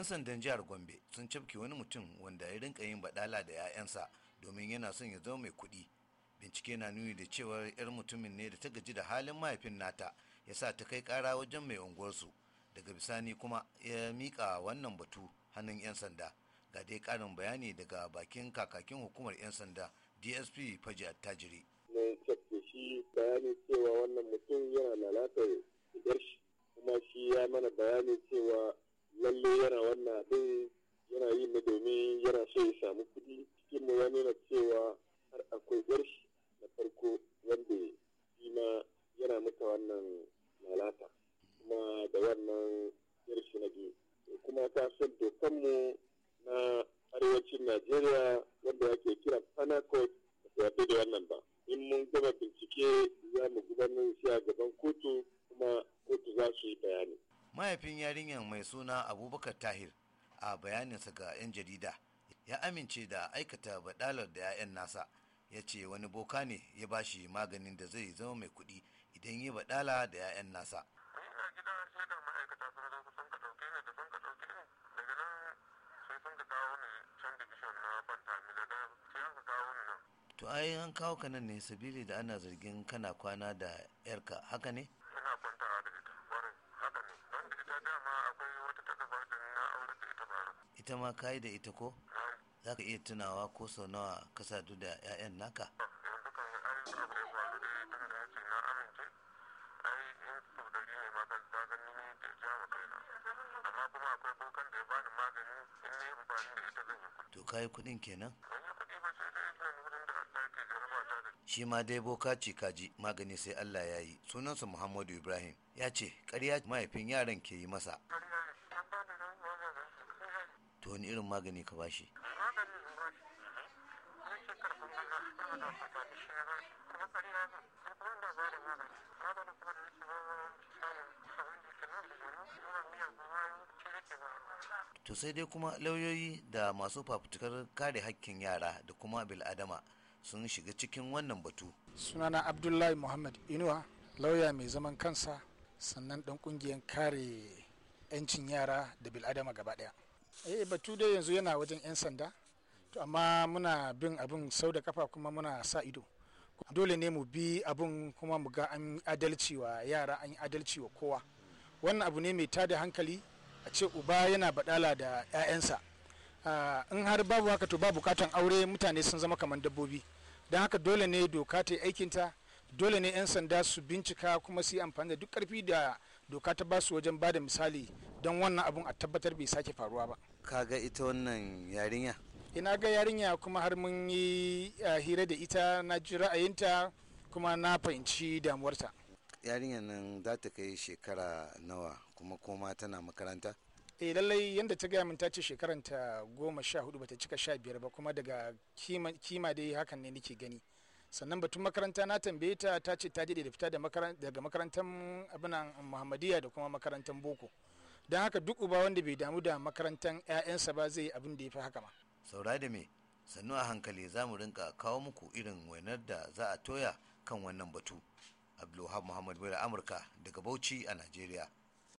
'yan sandan jihar gombe sun cafke wani mutum wanda ya rinka yin badala da 'ya'yansa domin yana son ya zama mai kuɗi bincike na nuni da cewa 'yar mutumin ne da ta gaji da halin mahaifin nata ya sa ta kai kara wajen mai unguwarsu daga bisani kuma ya miƙa wannan batu hannun 'yan sanda ga dai ƙarin bayani daga bakin kakakin hukumar 'yan sanda dsp faji attajiri cafke shi bayani cewa wannan mutum yana lalatar kuma shi ya mana bayanin cewa lalle yana wannan abin yana yi ne domin yana so ya samu kuɗi cikin mu ya nuna cewa har akwai garshi na farko wanda shi ma yana mata wannan lalata kuma da wannan garshi na biyu kuma ta san dokanmu na arewacin najeriya wanda ake kira panacot da da wannan ba in mun gama bincike za mu gudanar shi a gaban kotu mahaifin yarinyar mai suna abubakar tahir a bayaninsa ga 'yan jarida ya amince da aikata badalar da 'ya'yan nasa ya ce wani boka ne ya ba shi maganin da zai zama mai kuɗi idan yi badala da 'ya'yan nasa to ai an kawo ka nan ne sabili da ana zargin kana kwana da yarka haka ne ina kwanta ita ma ka yi da ita ko za ka iya tunawa ko sau nawa ka sadu da 'ya'yan naka to kayi kudin kenan shi ma dai boka ce kaji magani sai Allah ya yi sunansa Muhammadu Ibrahim ya ce ƙarya mahaifin yaran ke yi masa to wani irin magani ka bashi to sai dai kuma lauyoyi da masu fafutukar kare hakkin yara da kuma bil'adama sun shiga cikin wannan batu sunana abdullahi muhammad inuwa lauya mai zaman kansa sannan dan kungiyar kare 'yancin yara da bil'adama gaba daya eh batu dai yanzu yana wajen 'yan sanda to amma muna bin abin sau da kafa kuma muna sa ido dole ne mu bi abin kuma mu ga an adalci wa yara an adalci wa kowa wannan abu ne mai tada hankali a ce uba yana badala da 'ya'yansa ah, in har babu haka to ba bukatan aure mutane sun zama kamar dabbobi don haka dole ne doka ta aikinta dole ne 'yan sanda su bincika kuma su yi amfani da duk karfi da doka ta basu wajen ba da misali don wannan abun a tabbatar bai sake faruwa ba kaga ita wannan yarinya ina ga yarinya kuma har mun yi ah, hira da ita na ji ra'ayinta kuma na fahimci damuwarta Yarinya nan za ta kai shekara nawa kuma koma tana makaranta eh lallai yadda ta gaya min ta ce shekaranta goma sha hudu bata cika sha biyar ba kuma daga kima, kima dai hakan ne nake gani sannan batun makaranta na tambaye ta ta ce ta daɗe da fita daga makarantar abinan muhammadiyya da kuma makarantar boko don haka duk uba wanda bai damu da makarantar 'ya'yansa ba zai abin da ya fi haka ma saura da me sannu a hankali za mu rinka kawo muku irin wainar da za a toya kan wannan batu abdulwahab muhammad bai amurka daga bauchi a nigeria.